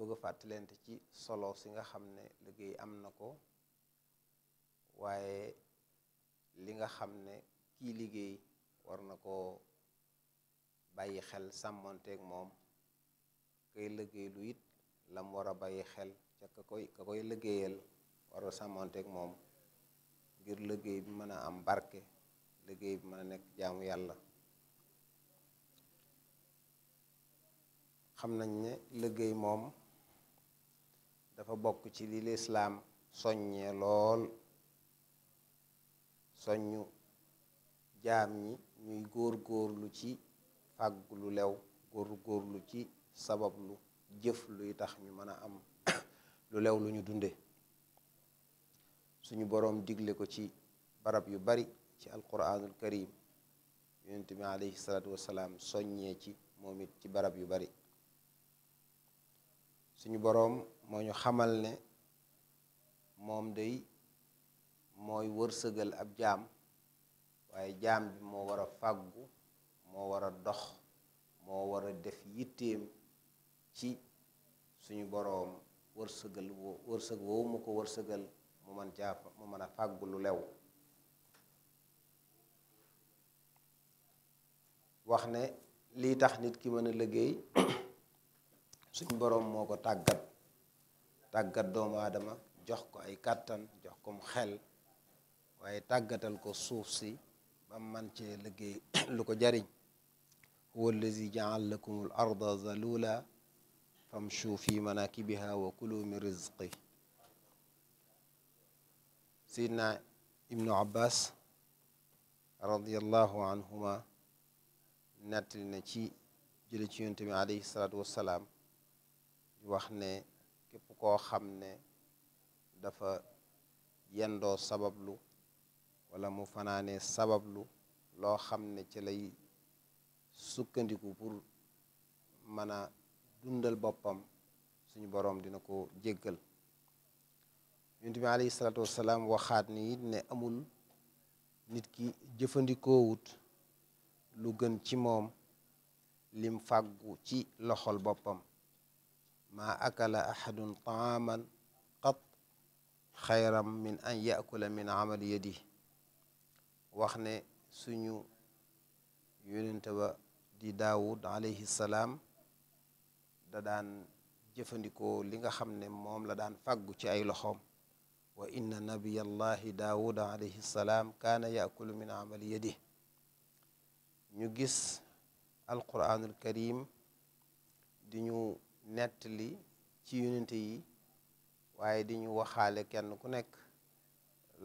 bëgg a fàttalente ci solo si nga xam ne liggéey am na ko waaye li nga xam ne kii liggéey war na koo bàyyi xel sàmmonteeg moom kay liggéey lu it lam war a bàyyi xel ca koy ka koy liggéeyal war a sàmmonteeg moom ngir liggéey bi mën a am barke liggéey bi mën a nekk jaamu yàlla xam nañ ne liggéey moom dafa bokk ci li lislaam soññee lool soññu jaam ñi ñuy góor góorlu ci fàggu lu lew góor góorlu ci sabab lu jëf luy tax ñu mën a am lu lew lu ñu dunde suñu boroom digle ko ci barab yu bari ci alquraanul karim yonent bi aleyhi salaatu soññee ci moom it ci barab yu bari suñu boroom moo ñu xamal ne moom day mooy wërsëgal ab jaam waaye jaam bi moo war a fàggu moo war a dox moo war a def yitteem ci suñu boroom wërsëgal woo ko wërsëgal mu mën caa mu mën a fàggu lu lew wax ne lii tax nit ki mën a liggéey suñ boroom moo ko tàggat tàggat doomu aadama jox ko ay kàttan jox ko mu xel waaye tàggatal ko suuf si ba man cee liggéey lu jariñ huwa allazi jaal lakum al arda zalula famshu fi manakibiha wa kulu min rizqi sidna ibnu abbas radiallahu anhuma nettali na ci jële ci yonte bi alayhi salaatu wassalaam wax ne képp koo xam ne dafa yendoo sabablu wala mu fanaanee sabablu loo xam ne ci lay sukkandiku pour mën a dundal boppam suñu boroom dina ko jéggal yonent bi salaatu wasalaam waxaat ni it ne amul nit ki jëfandikoowut lu gën ci moom lim fàggu ci loxol boppam maa akala ahadun taaman qat xayram min an yakula min amali yadi wax ne suñu yonente ba di daawud alayhi salaam da daan jëfandikoo li nga xam ne moom la daan fàggu ci ay loxoom wa inna nabiyallahi daawuda alayhi salaam kaan yakulu min amali yadi ñu gis alquranul karim di ñu nettali ci yonent yi waaye di waxaale kenn ku nekk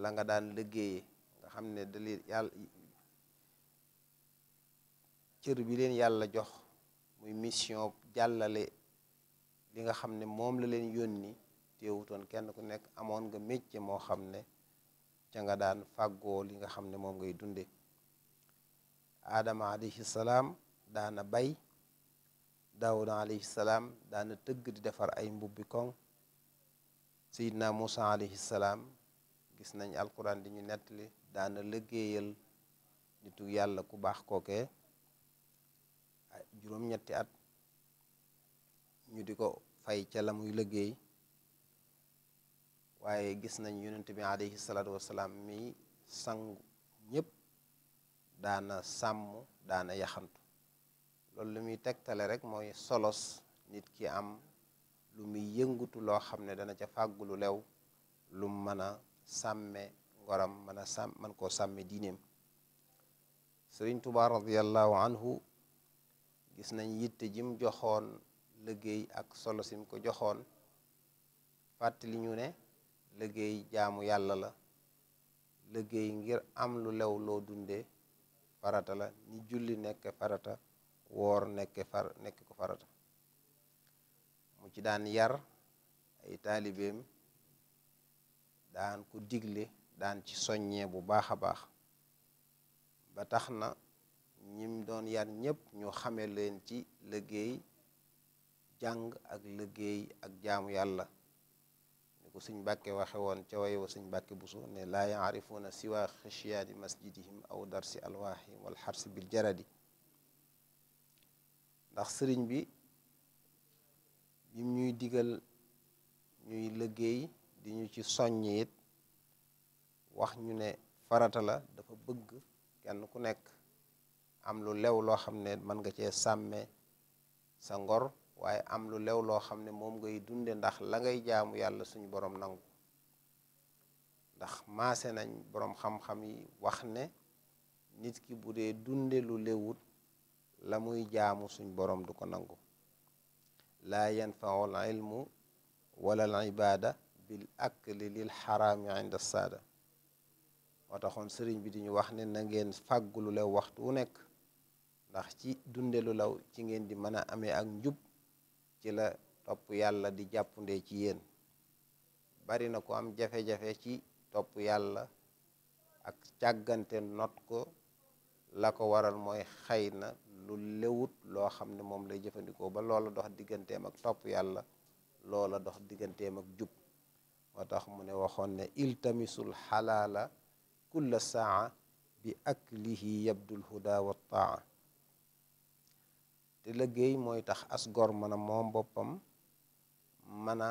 la nga daan liggéeye nga xam ne dali yàlla cër bi leen yàlla jox muy mission jàllale li nga xam ne moom la leen yónni teewutoon kenn ku nekk amoon nga métier moo xam ne ca nga daan fàggoo li nga xam ne moom ngay dunde aadama alayhi salaam daana bay daawuda alayhi salaam daana tëgg di defar ay mbubbi koŋ sayidna muusa alayhi salaam gis nañ alquran di ñu nettali daana liggéeyal nitu yàlla ku baax kooke ah, juróom-ñetti at ñu di ko fay ca la muy liggéey waaye gis nañ yonent bi alayhi salaatu wasalaam mi sangu ñépp daana sàmm daana yaxantu loolu lu muy tegtale rek mooy solos nit ki am lu muy yëngutu loo xam ne dana ca fàggu lu lew lu mën a sàmme ngoram mën a koo sàmme diineem sëriñ Tuubaa radiyallahu anhu gis nañ yitte jim joxoon liggéey ak solo sim ko joxoon fàttali ñu ne liggéey jaamu yàlla la liggéey ngir am lu lew loo dunde farata la ni julli nekk farata woor nekk far nekk ko farata mu ci daan yar ay taalibeem daan ko digle daan ci soññee bu baax a baax ba tax na ñim doon yar ñépp ñu xame leen ci liggéey jàng ak liggéey ak jaamu yàlla ni ko suñ bàkke waxe woon ca way wa suñ bàkke busu ne laa yaarifuuna siwa xishiyaani masjidihim aw darsi alwaahim wal xarsi bil jaradi ndax sëriñ bi yim ñuy diggal ñuy liggéey di ñu ci soññ it wax ñu ne farata la dafa bëgg kenn ku nekk am lu lew loo xam ne mën nga cee sàmme sa ngor waaye am lu lew loo xam ne moom ngay dunde ndax la ngay jaamu yàlla suñu borom nangu ndax maase nañ boroom xam-xam yi wax ne nit ki bu dee dunde lu lewut la muy jaamu suñ boroom du ko nangu laa yanfaul ilmu wala al ibaada bil akli lil xaraami inda saada moo sëriñ bi di ñu wax ne na ngeen fàggu lu lew waxtu wu nekk ndax ci dunde lu law ci ngeen di mën a amee ak njub ci la topp yàlla di jàppundee ci yéen bari na ko am jafe-jafe ci topp yàlla ak càggante not ko la ko waral mooy xëy na lu lewut loo xam ne moom lay jëfandikoo ba loola dox digganteem ak topp yàlla loola dox digganteem ak jub moo tax mu ne waxoon ne iltamisul xalaala kulla saa bi aklihi yabdul huda wa taa te liggéey mooy tax as gor mën a moom boppam mën a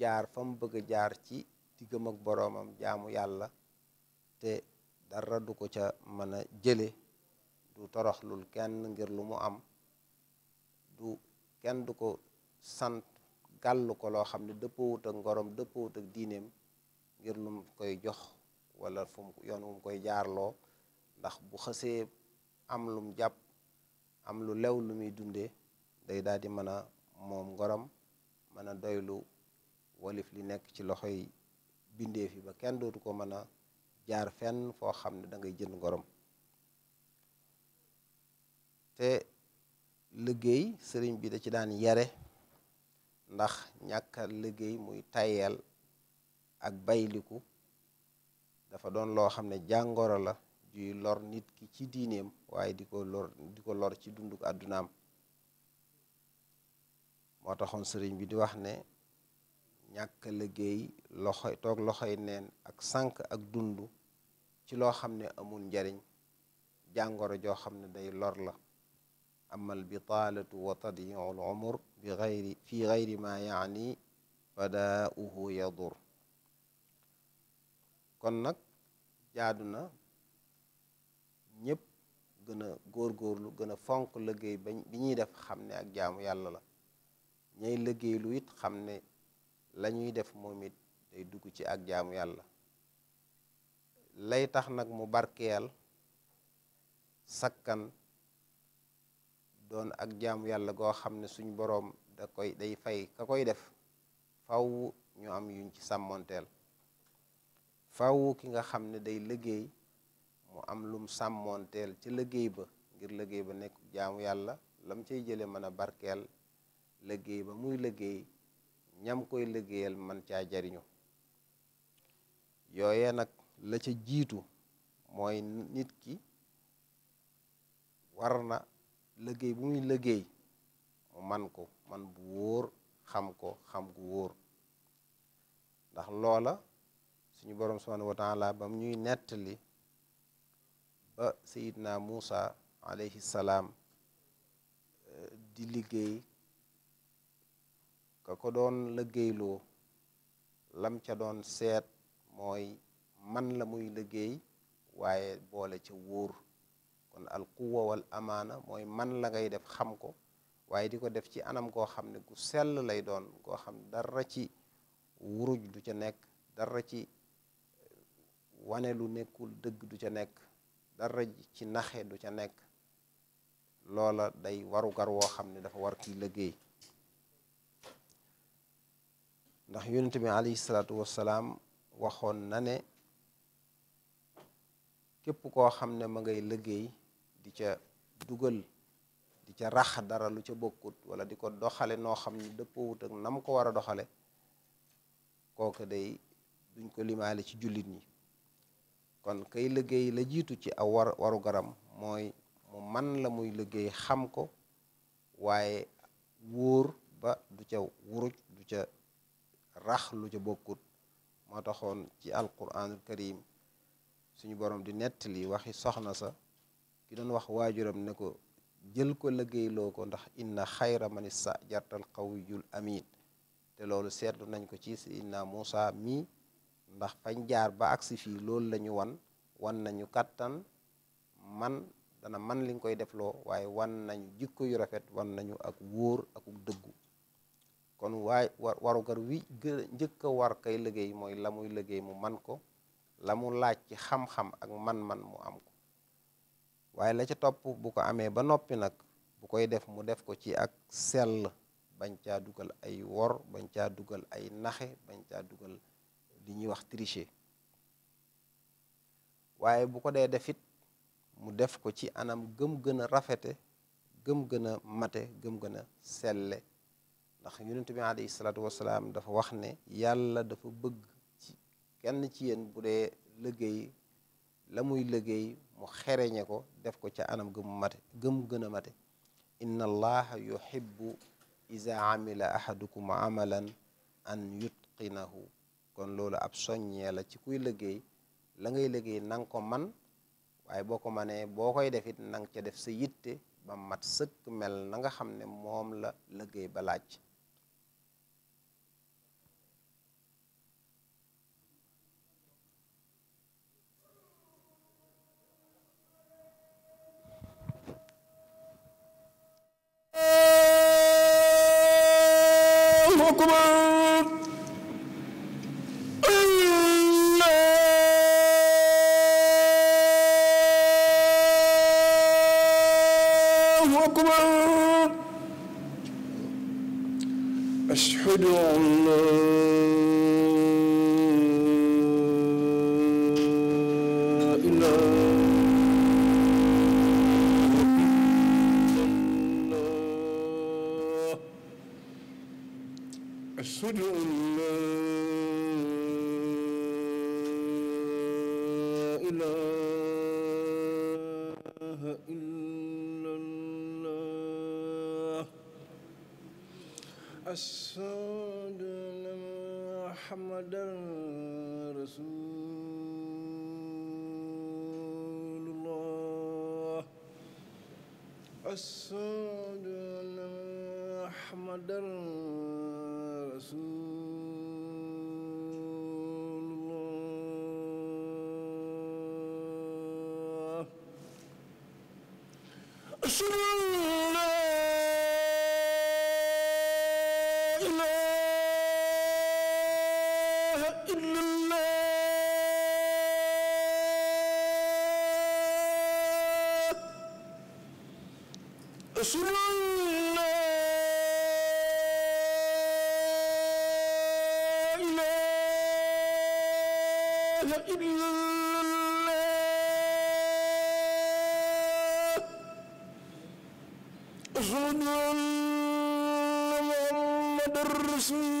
jaar fa mu bëgg a jaar ci diggam ak boroomam jaamu yàlla te dara du ko ca mën a jële du toroxlul kenn ngir lu mu am du kenn du ko sant gàll ko loo xam ne dëppawut ak ngorom dëppawut ak diineem ngir lu koy jox walla fu yoon wum koy jaarloo ndax bu xësee am lum jàpp am lu lew lu muy dunde day daal di mën a moom ngorom mën a doylu walif li nekk ci loxoy bindee fi ba kenn dootu ko mën a jaar fenn foo xam ne dangay jënd ngorom te liggéey sëriñ bi da ci daan yare ndax ñàkka liggéey muy tayeel ak bayliku dafa doon loo xam ne jàngoro la juy lor nit ki ci diineem waaye di ko lor di ko lor ci dunduk àddunaam moo taxoon sëriñ bi di wax ne ñàkk liggéey loxoy toog loxoy neen ak sànq ak dund ci loo xam ne amul njariñ jàngoro joo xam ne day lor la amal bitaalatu wa tadiu l umur bi gayri fi gayri ma yaani fadaauhu yadur kon nag jaadu na ñépp gën a lu gën a fonk liggéey bi ñuy def xam ne ak jaamu yàlla la ñay liggéey lu it xam ne lañuy def moom it day dugg ci ak jaamu yàlla lay tax nag mu barkeel sakkan doon ak jaamu yàlla goo xam ne suñ boroom da koy day fay ka koy def faw ñu am yuñ ci sàmmoonteel fawu ki nga xam ne day liggéey mu am lum sàmmoonteel ci liggéey ba ngir liggéey ba nekk jaamu yàlla lam cay jële mën a barkeel liggéey ba muy liggéey ñam koy liggéeyal man caa jariñu yooye nag la ca jiitu mooy nit ki war na liggéey bu muy liggéey mu man ko man bu wóor xam ko xam gu wóor ndax loola suñu boroom subhanahu wa taala bam ñuy nettali ba sayidna Muusa alayhi salaam eh, di liggéey ka ko doon liggéeyloo lam ca doon seet mooy man la muy liggéey waaye boole ca wóor kon al quwa wal amaana mooy man la ngay def xam ko waaye di ko def ci anam goo xam ne gu sell lay doon goo xam dara ci wuruj du ca nekk dara ci wane lu nekkul dëgg du ca nekk dara ci naxe du ca nekk loola day waru gar woo xam ne dafa war kiy liggéey ndax yonent bi alayhi salaatu wassalaam waxoon na ne képp koo xam ne ma ngay liggéey di ca dugal di ca rax dara lu ca bokkut wala di ko doxale noo xam ne dëppoowut ak nam ko war a doxale kooko day duñ ko limaale ci jullit ñi kon kay liggéey la jiitu ci aw war garam mooy mu man la muy liggéey xam ko waaye wóor ba du ca wuruj du ca rax lu ca bokkut moo taxoon ci alquranul karim suñu borom di nettali waxi soxna sa ki doon wax waajuram ne ko jël ko liggéeyloo ko ndax inna xayra man istajartal qawiyul amin te loolu seetlu nañ ko ci inna Muusa mii ndax fañ jaar ba agsi fii loolu la wan wan nañu kàttan man dana man li nga koy defloo waaye wan nañu jikko yu rafet wan nañu ak wóor ak dëggu kon waaye warugar wi njëkk war kay liggéey mooy la muy liggéey mu man ko lamu laaj ci xam-xam ak man-man mu am ko waaye la ca topp bu ko amee ba noppi nag bu koy def mu def ko ci ak sell bañ caa dugal ay wor bañ caa dugal ay naxe bañ caa dugal li ñuy wax tricher waaye bu ko dee defit mu def ko ci anam gëm gën a rafete gëm gën a mate gëm gën a selle ndax yonent bi alayhi salaatu wasalaam dafa wax ne yàlla dafa bëgg kenn ci yéen bu dee liggéey la muy liggéey mu xereñe ko def ko ca anam mu mate gëm gën a mate inna allaha yuhibbu iza amila ahadukum amalan an yutqinahu kon loolu ab soññee la ci kuy liggéey la ngay liggéey na ko man waaye boo ko manee boo koy defit it ca def sa yitte ba mat sëkk mel na nga xam ne moom la liggéey ba laaj أشهد أن محمدا رسول Bismillah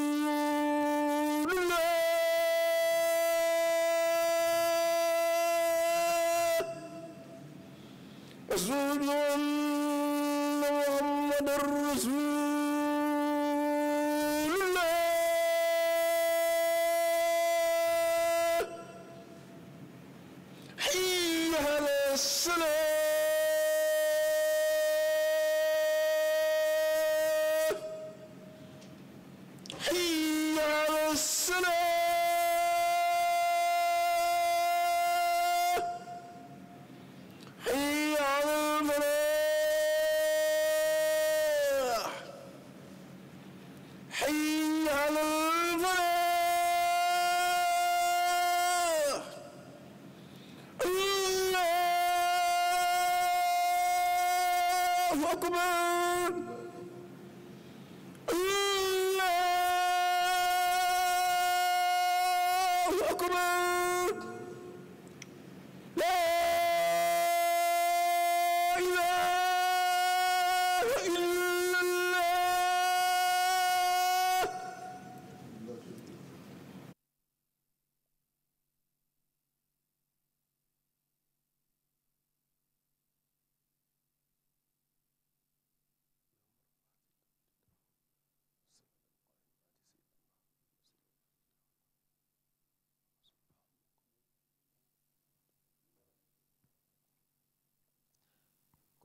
حي على الفلاح الله أكبر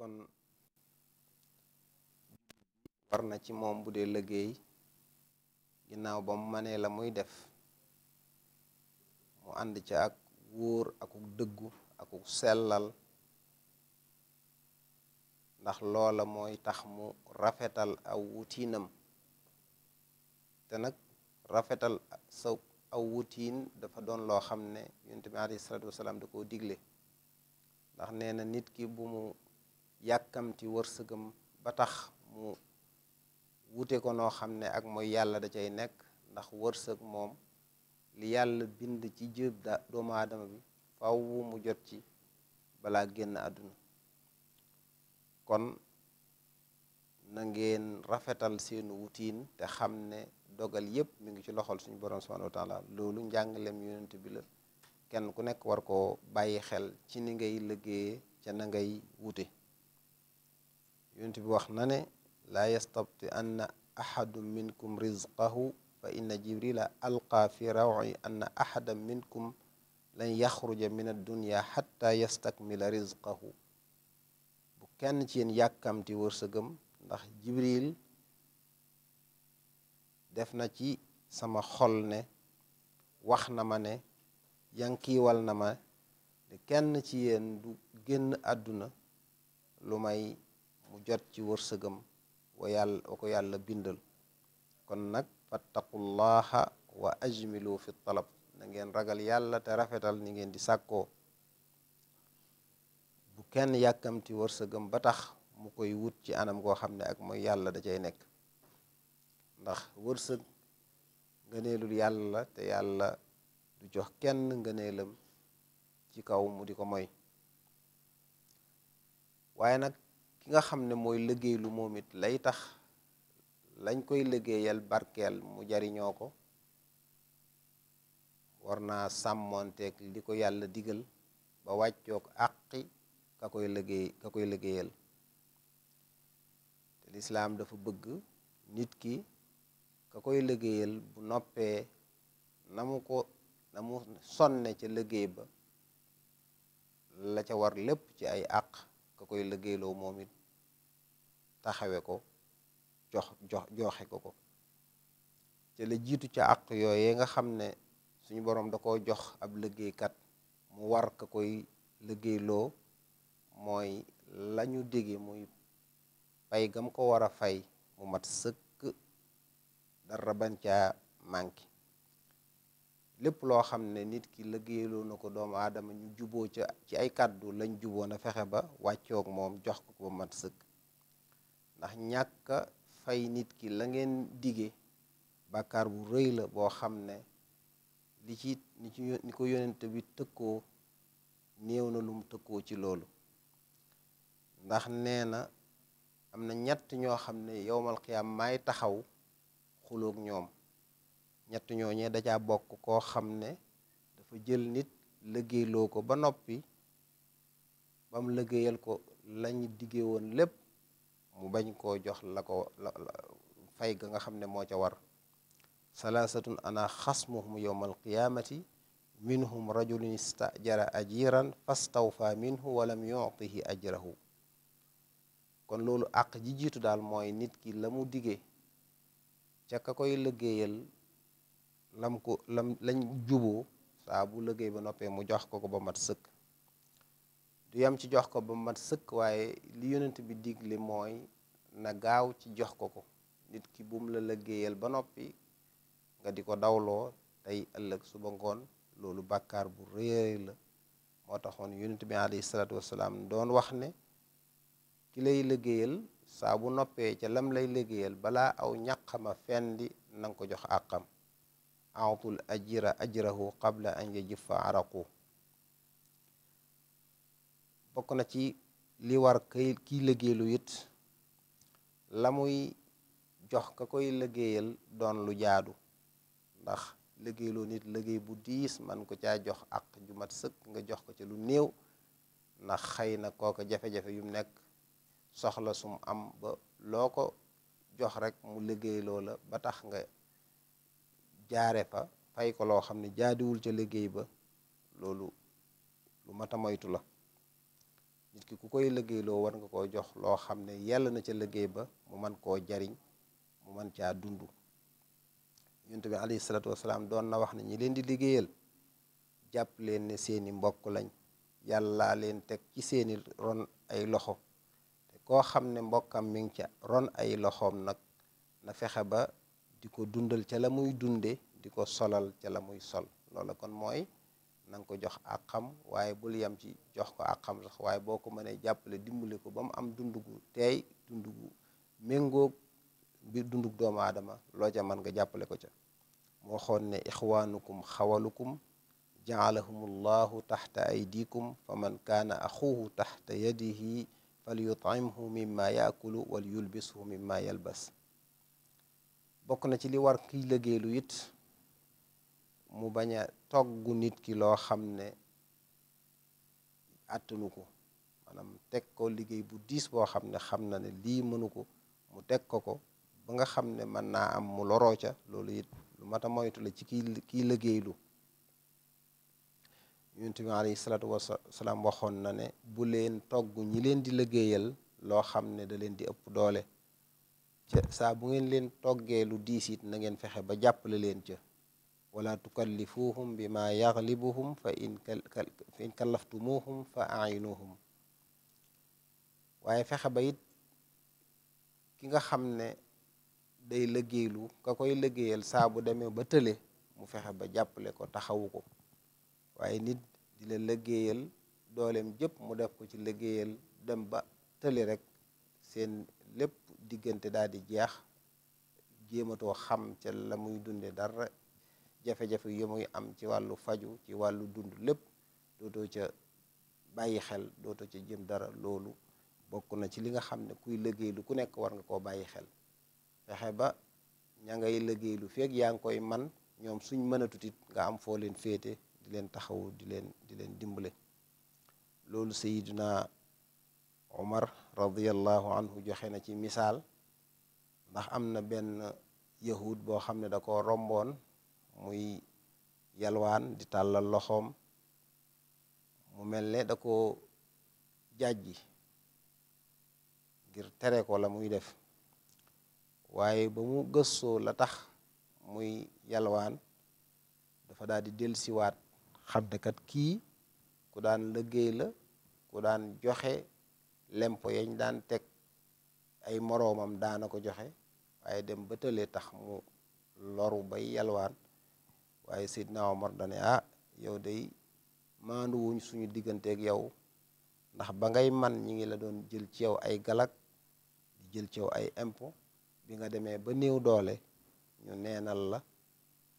kon war na ci moom bu dee liggéey ginnaaw ba mu manee la muy def mu ànd ca ak wóor akuk dëggu akuk sellal ndax loola mooy tax mu rafetal aw wutiinam te nag rafetal sa aw wutiin dafa doon loo xam ne yonent bi alayhi salaatu koo digle ndax nee nit ki bu yàkkamti wërsëgam ba tax mu wute ko noo xam ne ak mooy yàlla da cay nekk ndax wërsëg moom li yàlla bind ci jëb da doomu aadama bi faw mu jot ci balaa génn àdduna kon na ngeen rafetal seenu wutiin te xam ne dogal yépp mu ngi ci loxol suñu borom subhanahu wa taala loolu njàngaleem yonent bi la kenn ku nekk war koo bàyyi xel ci ni ngay liggéeye ca na ngay wute yonent bi wax na ne laa yastabti anna ahadun minkum rizqahu fa inna jibrila fi rawi anna ahadan minkum lan yaxruja min addunia xatta yastakmila rizqahu bu kenn ci yéen yàkkamti wërsëgam ndax jibril def na ci sama xol ne wax na ma ne yankiiwal na ma ne kenn ci yéen du génn àdduna lu may mu jot ci wërsëgam wa yàlla wa ko yàlla bindal kon nag fattaqullaha wa ajmilu fi talab na ngeen ragal yàlla te rafetal ni ngeen di sàkkoo bu kenn yàkkamti wërsëgam ba tax mu koy wut ci anam goo xam ne ak mooy yàlla da cay nekk ndax wërsëg ngëneelul yàlla la te yàlla du jox kenn ngëneelam ci kaw mu di ko moy waaye nag ki nga xam ne mooy liggéey lu moom it lay tax lañ koy liggéeyal barkeel mu jariñoo ko war naa sàmmoonteeg li ko yàlla digal ba wàccoog àqi ka koy liggéey ka koy liggéeyal te lislaam dafa bëgg nit ki ka koy liggéeyal bu noppee na mu ko na mu sonne ca liggéey ba la ca war lépp ci ay àq koy liggéeyloo moom it taxawe ko jox joxe ko ko te la jiitu ca àq yooyee nga xam ne suñu boroom da ko jox ab liggéeykat mu war ka koy liggéeyloo mooy lañu dége muy fay gam ko war a fay mu mat sëkk dara bañ caa manqué lépp loo xam ne nit ki liggéeyloo na ko doomu aadama ñu juboo ca ci ay kàddu lañ juboon a fexe ba wàccook moom jox ko ba mat sëkk ndax ñàkk fay nit ki la ngeen dige bàkkaar bu rëy la boo xam ne li ci ni ci ni ko yonent bi tëkkoo néew na lum mu tëkkoo ci loolu ndax nee na am na ñett ñoo xam ne yowmal qiyaam maay taxaw xuloog ñoom ñett ñooñee da bokk koo xam ne dafa jël nit liggéeyloo ko ba noppi bam liggéeyal ko lañ diggee woon lépp mu bañ koo jox la ko fay ga nga xam ne moo ca war salaasatun ana xasmuhum yowma alqiyaamati minhum rajulun istajara ajiran fastawfa minhu walam yuctihi ajrahu kon loolu àq ji jiitu daal mooy nit ki la mu diggee ca ka koy liggéeyal lam ko lam lañ juboo saa bu liggéey ba noppee mu jox ko ko ba mat sëkk du yam ci jox ko ba mat sëkk waaye li yonent bi digle mooy na gaaw ci jox ko ko nit ki buum la liggéeyal ba noppi nga di ko dawloo tey ëllëg suba ngoon loolu bàkkaar bu réer la moo taxoon yonent bi alayhi doon wax ne ki lay liggéeyal saa bu noppee ca lam lay liggéeyal balaa aw ñaqama fendi nanga ko jox àqam awtul ajira ajrahu qabla an yajifa araqu bokk na ci li war kay kiy liggéeylu it la muy jox ka koy liggéeyal doon lu jaadu ndax liggéeyloo nit liggéey bu diis man ko ca jox ak ju mat sëkk nga jox ko ca lu néew ndax xëy na kooka jafe-jafe yu nekk soxla sum am ba loo ko jox rek mu liggéeyloo la ba tax nga jaare fa fay ko loo xam ne jaadiwul ca liggéey ba loolu lu mat a moytu la nit ki ku koy liggéey loo war nga koo jox loo xam ne yàlla na ca liggéey ba mu man koo jariñ mu man caa dund yonent bi alayhi salaatu wasalaam doon na wax ne ñi leen di liggéeyal jàpp leen ne seeni mbokk lañ yàllaa leen teg ci seeni ron ay loxo te koo xam ne mbokkam mi ngi ca ron ay loxoom nag na fexe ba di ko dundal ca la muy dunde di ko solal ca la muy sol loola kon mooy na ko jox ak xam waaye bul yem ci jox ko ak xam waaye boo ko mënee jàppale dimbali ko ba mu am dund gu teey dund gu méngoog bi dundug doomu aadama loo ca mën nga jàppale ko ca moo xoon ne ixwaanukum xawalukum jaalahum allahu taxta aydikum fa man kaana axuhu taxta yadihi falyutimhu mimma yaakulu wal yulbishu mimma yalbas bokk na ci li war kiy liggéeylu it mu bañ a togg nit ki loo xam ne attanu ko maanaam teg ko liggéey bu diis boo xam ne xam na ne lii mënu ko mu teg ko ko ba nga xam ne mën naa am mu loroo ca loolu it lu mat a moytu la ci kii kii liggéeylu yonent bi alayhi salaatu wasalaam waxoon na ne bu leen togg ñi leen di liggéeyal loo xam ne da leen di ëpp doole ca saa bu ngeen leen toggee lu diis it na fexe ba jàppale leen ca wala tukallifuhum bi ma yaxlibuhum fa in fa in kallaftumuhum fa ainuhum waaye fexe ba it ki nga xam ne day liggéeylu ka koy liggéeyal saa bu demee ba tële mu fexe ba jàppale ko taxawu ko waaye nit di la liggéeyal dooleem jëpp mu def ko ci liggéeyal dem ba tële rek seen lépp diggante daal di jeex jéematoo xam ca la muy dunde dara jafe-jafe yi muy am ci wàllu faju ci wàllu dund lépp dootoo ca bàyyi xel dootoo ca jëm dara loolu bokk na ci li nga xam ne kuy liggéeylu ku nekk war nga koo bàyyi xel fexe ba ña ngay lu feeg yaa ngi koy man ñoom suñ mënatut it nga am foo leen féete di leen taxawu di leen di leen dimbale loolu sayiduna Omar radiyallahu anhu joxe na ci misaal ndax am na benn yahud boo xam ne da ko romboon muy yalwaan di tàllal loxoom mu mel ne da ko jàjji ngir tere ko la muy def waaye ba mu gëstoo la tax muy yalwaan dafa daal di dellusiwaat xam ne kat kii ku daan liggéey la ku daan joxe lempo yañ daan teg ay moroomam daana ko joxe waaye dem ba tëlee tax mu loru bay yalwaan waaye Seydina Omar dane ah yow day maandu suñu digganteek yow ndax ba ngay man ñi ngi la doon jël ci yow ay galak di jël ci yow ay impo bi nga demee ba néew doole ñu neenal la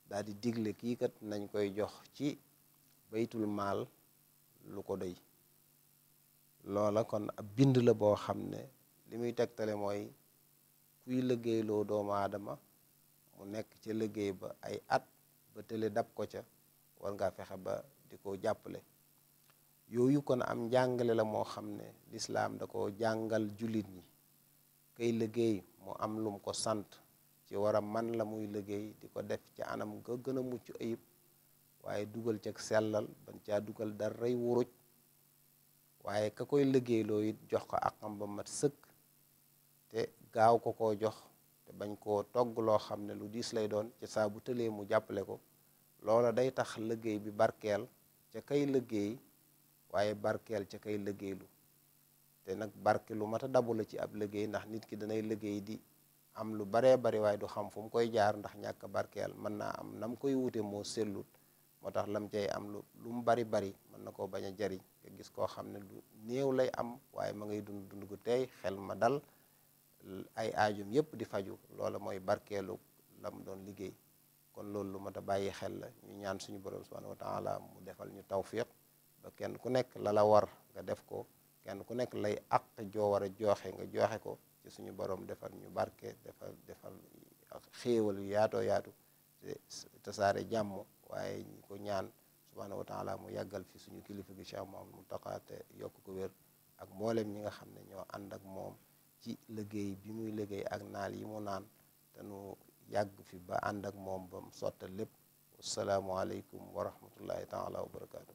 daal di digle kii kat nañ koy jox ci baytul maal lu ko doy loola kon ab bind la boo xam ne li muy tegtale mooy kuy liggéeyloo doomu aadama mu nekk ca liggéey ba ay at ba tële dab ko ca war ngaa fexe ba di ko jàppale yooyu kon am njàngale la moo xam ne lislaam da ko jàngal jullit ñi kay liggéey mu am lum ko sant ci wara man la muy liggéey di ko def ca anam nga gën a mucc ayib waaye dugal ca sellal bañ ca dugal daray wuruj waaye ka koy liggéeyloo it jox ko ak ba mat sëkk te gaaw ko ko jox te bañ koo togg loo xam ne lu diis lay doon ci saa bu tëlee mu jàppale ko loola day tax liggéey bi barkeel ca kay liggéey waaye barkeel ca kay liggéeylu te nag barke lu mat dabu la ci ab liggéey ndax nit ki danay liggéey di am lu baree bari waaye du xam fu mu koy jaar ndax ñàkk barkeel mën naa am nam koy wute moo sellut moo tax lam cay am lu lu mu bari bari mën na koo bañ a jariñ nga gis koo xam ne lu néew lay am waaye ma ngay dund dund gu tey xel ma dal ay aajum yépp di faju loola mooy barkeelu lam doon liggéey kon loolu lu mat a bàyyi xel la ñu ñaan suñu borom subhanahu wa taala mu defal ñu tawfiq ba kenn ku nekk la war nga def ko kenn ku nekk lay àq joo a jooxe nga jooxe ko ci suñu boroom defal ñu barke defal defal xéewal yu yaatoo yaatu te tasaare jàmm waaye ñu ko ñaan subhaanahu wa mu yàggal fi suñu kilifa gi moom Mouhamadou Mountakha te yokk ko wér ak mboolem ñi nga xam ne ñoo ànd ak moom ci liggéey bi muy léggéey ak naal yi mu naan te nu yàgg fi ba ànd ak moom ba mu sottal lépp wasalaamualeykum wa rahmatullahi taala wa barakaatu.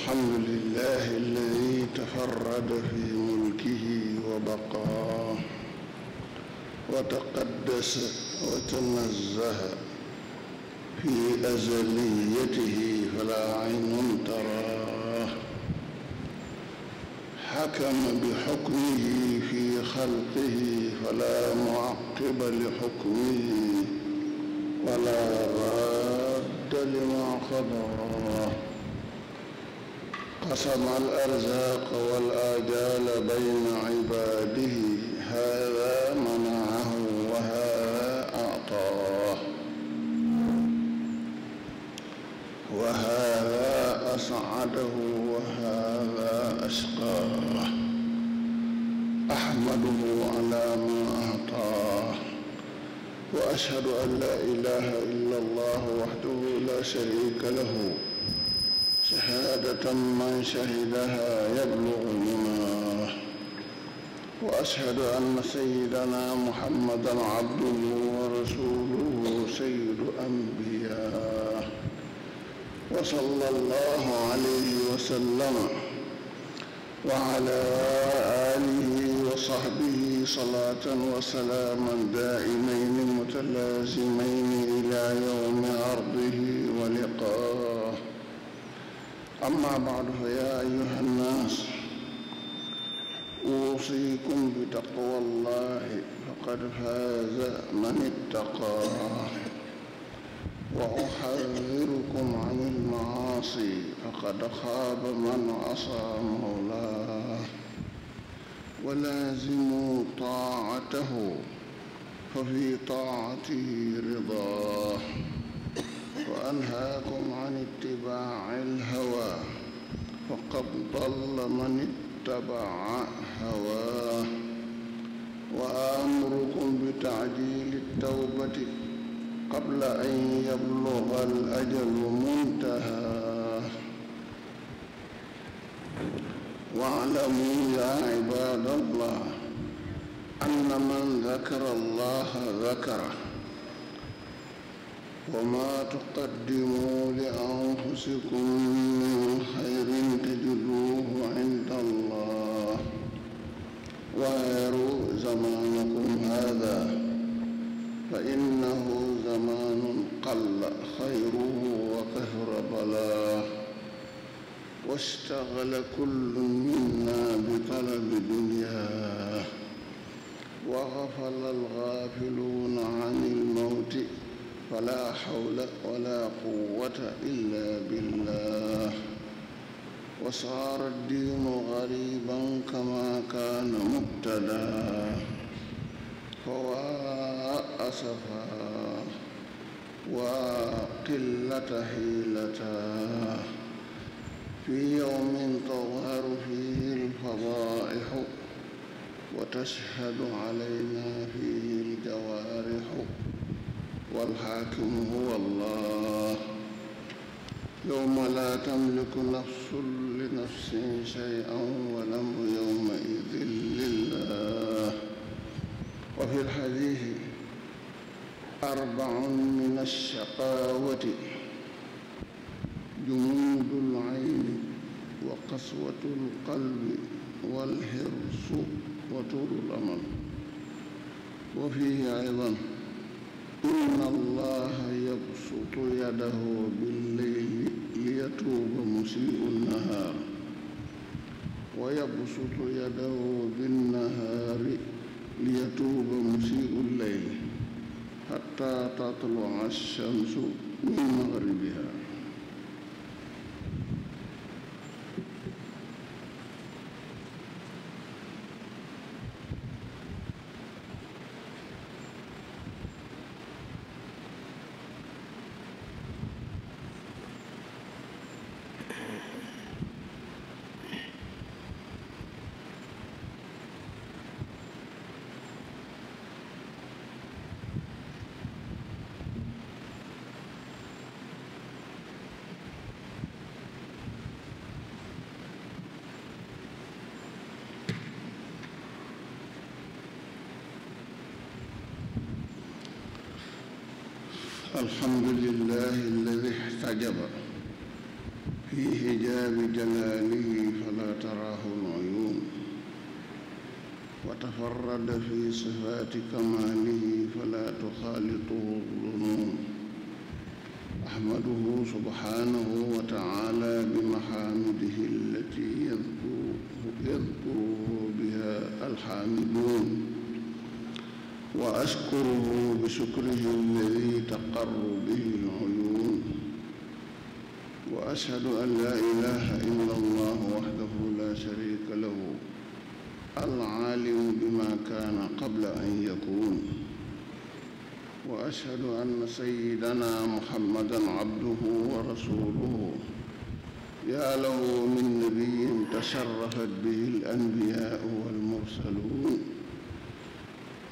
الحمد لله الذي تفرد في ملكه وبقاه وتقدس وتنزه في أزليته فلا عين تراه حكم بحكمه في خلقه فلا معقب لحكمه ولا راد لما قضاه قسم الأرزاق والآجال بين عباده هذا منعه وهذا أعطاه وهذا أسعده وهذا أشقاه أحمده على ما أعطاه وأشهد أن لا إله إلا الله وحده لا شريك له شهادة من شهدها يبلغ لما وأشهد أن سيدنا محمدا عبده ورسوله سيد الأنبياء وصلى الله عليه وسلم وعلى آله وصحبه صلاة وسلاما دائمين متلازمين إلى يوم عرضه ولقائه أما بعد فيا أيها الناس أوصيكم بتقوى الله فقد فاز من اتقى وأحذركم عن المعاصي فقد خاب من عصى مولاه ولازموا طاعته ففي طاعته رضاه وأنهاكم عن اتباع الهوى qad dalla man ittabaca hawaa wa amurukum bi tacjiili tawbati qabla an yabluga al ajalu muntahaa waclamuu yaa cibaad allah anna man dakara allaha dakara وما تقدموا لأنفسكم من خير تجدوه عند الله واعروا زمانكم هذا فإنه زمان قل خيره وكثر بلاه واشتغل كل منا بطلب دنياه وغفل الغافلون عن الموت fala xawla wala quwata illa billah wa saara diinu gariban kama kaana mubtadaa fawaa asafa waa qillata xiilata fi yowmin tadharu fihi alfadaixu wa tashhadu calayna fihi aljawaarixu والحاكم هو الله يوم لا تملك نفس لنفس شيئا والأمر يومئذ لله وفي الحديث أربع من الشقاوة جمود العين وقسوة القلب والحرص وطول الأمل وفيه أيضا inna allaha yabsutu yadahu billeyli liyatuuba musii'u nnahaar wa yabsutu yadahu binnahaari liyatuuba musii'u lleyli xatta tatluca shamsu min magribiha الحمد لله الذي احتجب في حجاب جلاله فلا تراه العيون وتفرد في صفات كماله فلا تخالطه الظنون أحمده سبحانه وتعالى بمحامده التي يذكره بها الحامدون وأشكره بشكره الذي تقر به العيون وأشهد أن لا إله إلا الله وحده لا شريك له العالم بما كان قبل أن يكون وأشهد أن سيدنا محمدا عبده ورسوله يا له من نبي تشرفت به الأنبياء والمرسلون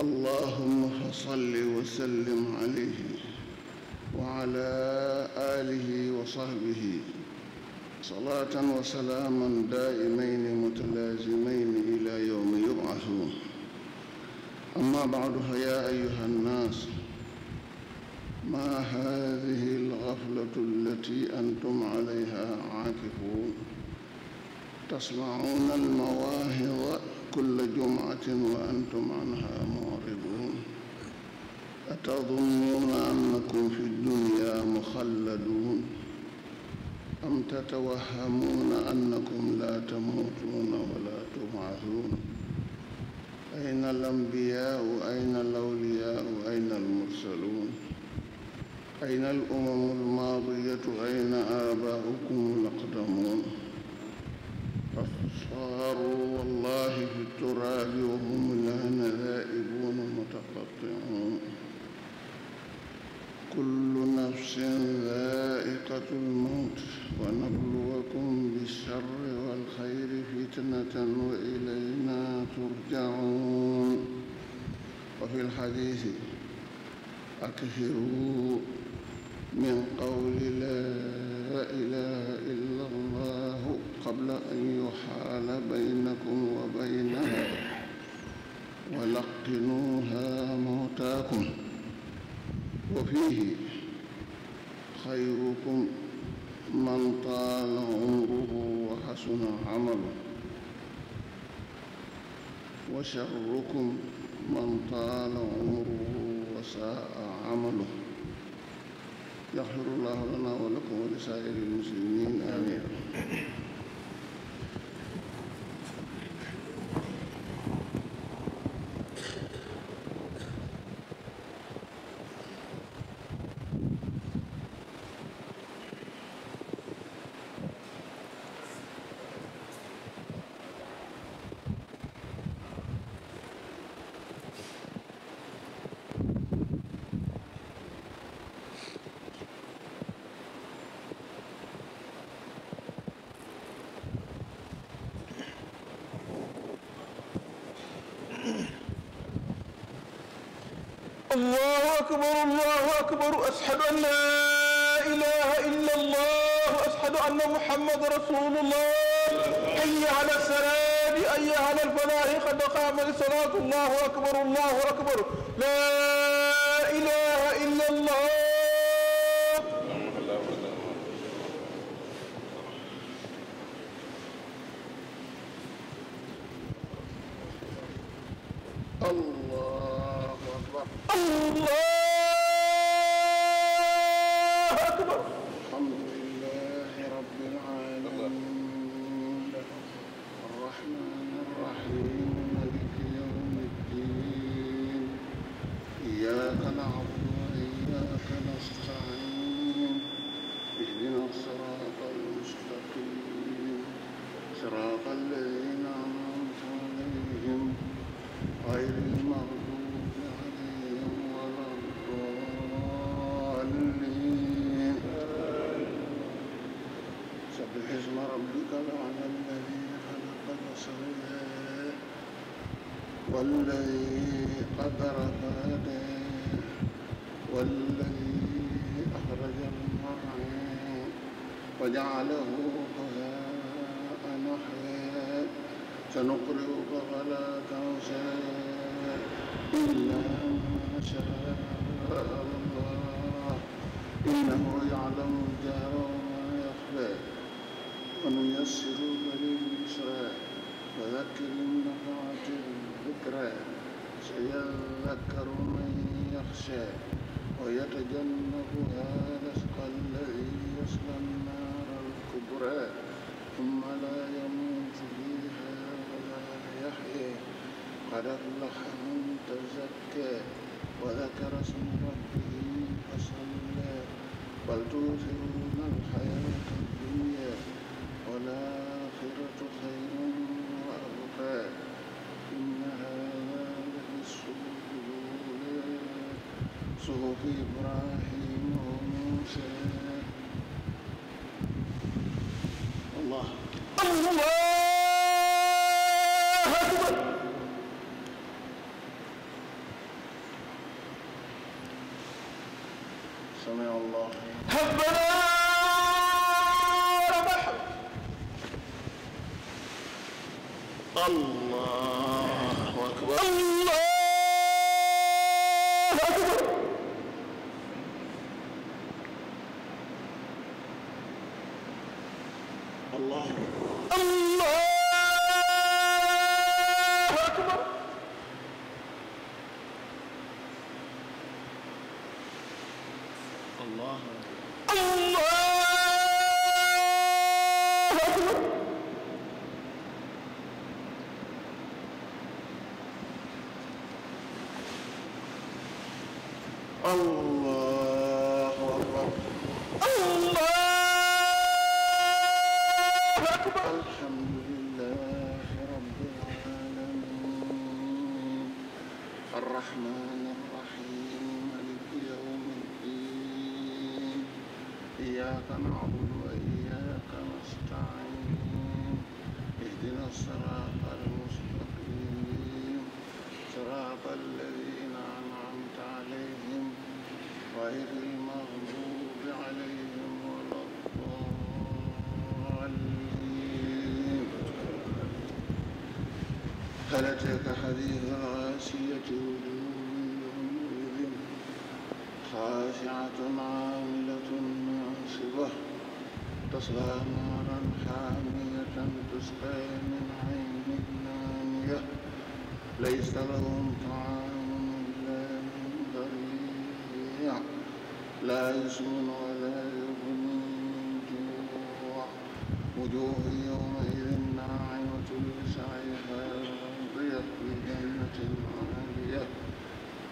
اللهم فصل وسلم عليه وعلى آله وصحبه صلاة وسلاما دائمين متلازمين إلى يوم يبعثون أما بعد فيا أيها الناس ما هذه الغفلة التي أنتم عليها عاكفون تسمعون المواهظ كل جمعة وأنتم عنها معرضون أتظنون أنكم في الدنيا مخلدون أم تتوهمون أنكم لا تموتون ولا تبعثون أين الأنبياء أين الأولياء أين المرسلون أين الأمم الماضية أين آباؤكم الأقدمون صغروا والله في التراب وهم لنا ذائبون متقطعون كل نفس ذائقة الموت ونبلوكم بالشر والخير فتنة وإلينا ترجعون وفي الحديث أكثروا من قول لا إله إلا الله قبل أن يحال بينكم وبينها ولقنوها موتاكم وفيه خيركم من طال عمره وحسن عمله وشركم من طال عمره وساء عمله يغفر الله لنا ولكم ولسائر المسلمين آمين allahu akbar allahu akbar ashhadu an la ilaha illa allah ashhadu anna muhammad rasulullah hayya ala salaati hayya ala alfalaahi qad qaama salaatu allahu akbar allahu akbar سنقرئك فلا تنسى إلا ما شاء الله إنه يعلم الجهر وما يخفى ونيسرك لليسرى فذكر إن نفعت الذكرى سيذكر من يخشى ويتجنبها الأشقى الذي يصلى النار الكبرى ثم لا يموت فيها يحيي قد أفلح من تزكى وذكر اسم ربه فصلى بل تؤثرون الحياة الدنيا والآخرة خير وأبقى إن هذا لفي الصحف الأولى صحف إبراهيم وموسى Allah أتلتك حديث الغاشية وجوه خاشعة عاملة ناصبة تصلى نارا حامية تسقى من عين نانية ليس لهم طعام إلا من ضريع لا يسمن ولا يغني من جوع وجوه يومئذ ناعمة لسعيها عالية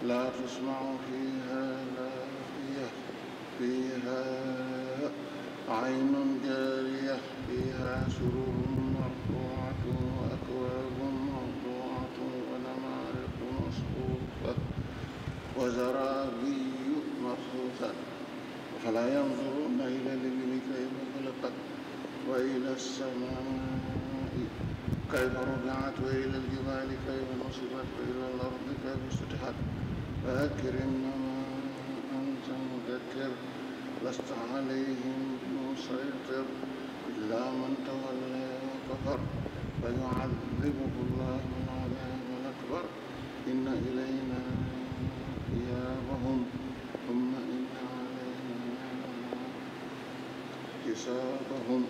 لا تسمع فيها لاغية فيها عين جارية فيها سرور مرفوعة وأكواب موضوعة ونمارق مصفوفة وزرابي مصفوفة فلا ينظرون إلى الإبل كيف خلقت وإلى السماء كيف رفعت وإلى الجبال كيف نصبت وإلى الأرض كيف سطحت فذكر إنما أنت مذكر لست عليهم بمسيطر إلا من تولى وكفر فيعذبه الله العذاب الأكبر إن إلينا إيابهم ثم إن علينا حسابهم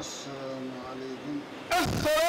asalaamaaleykum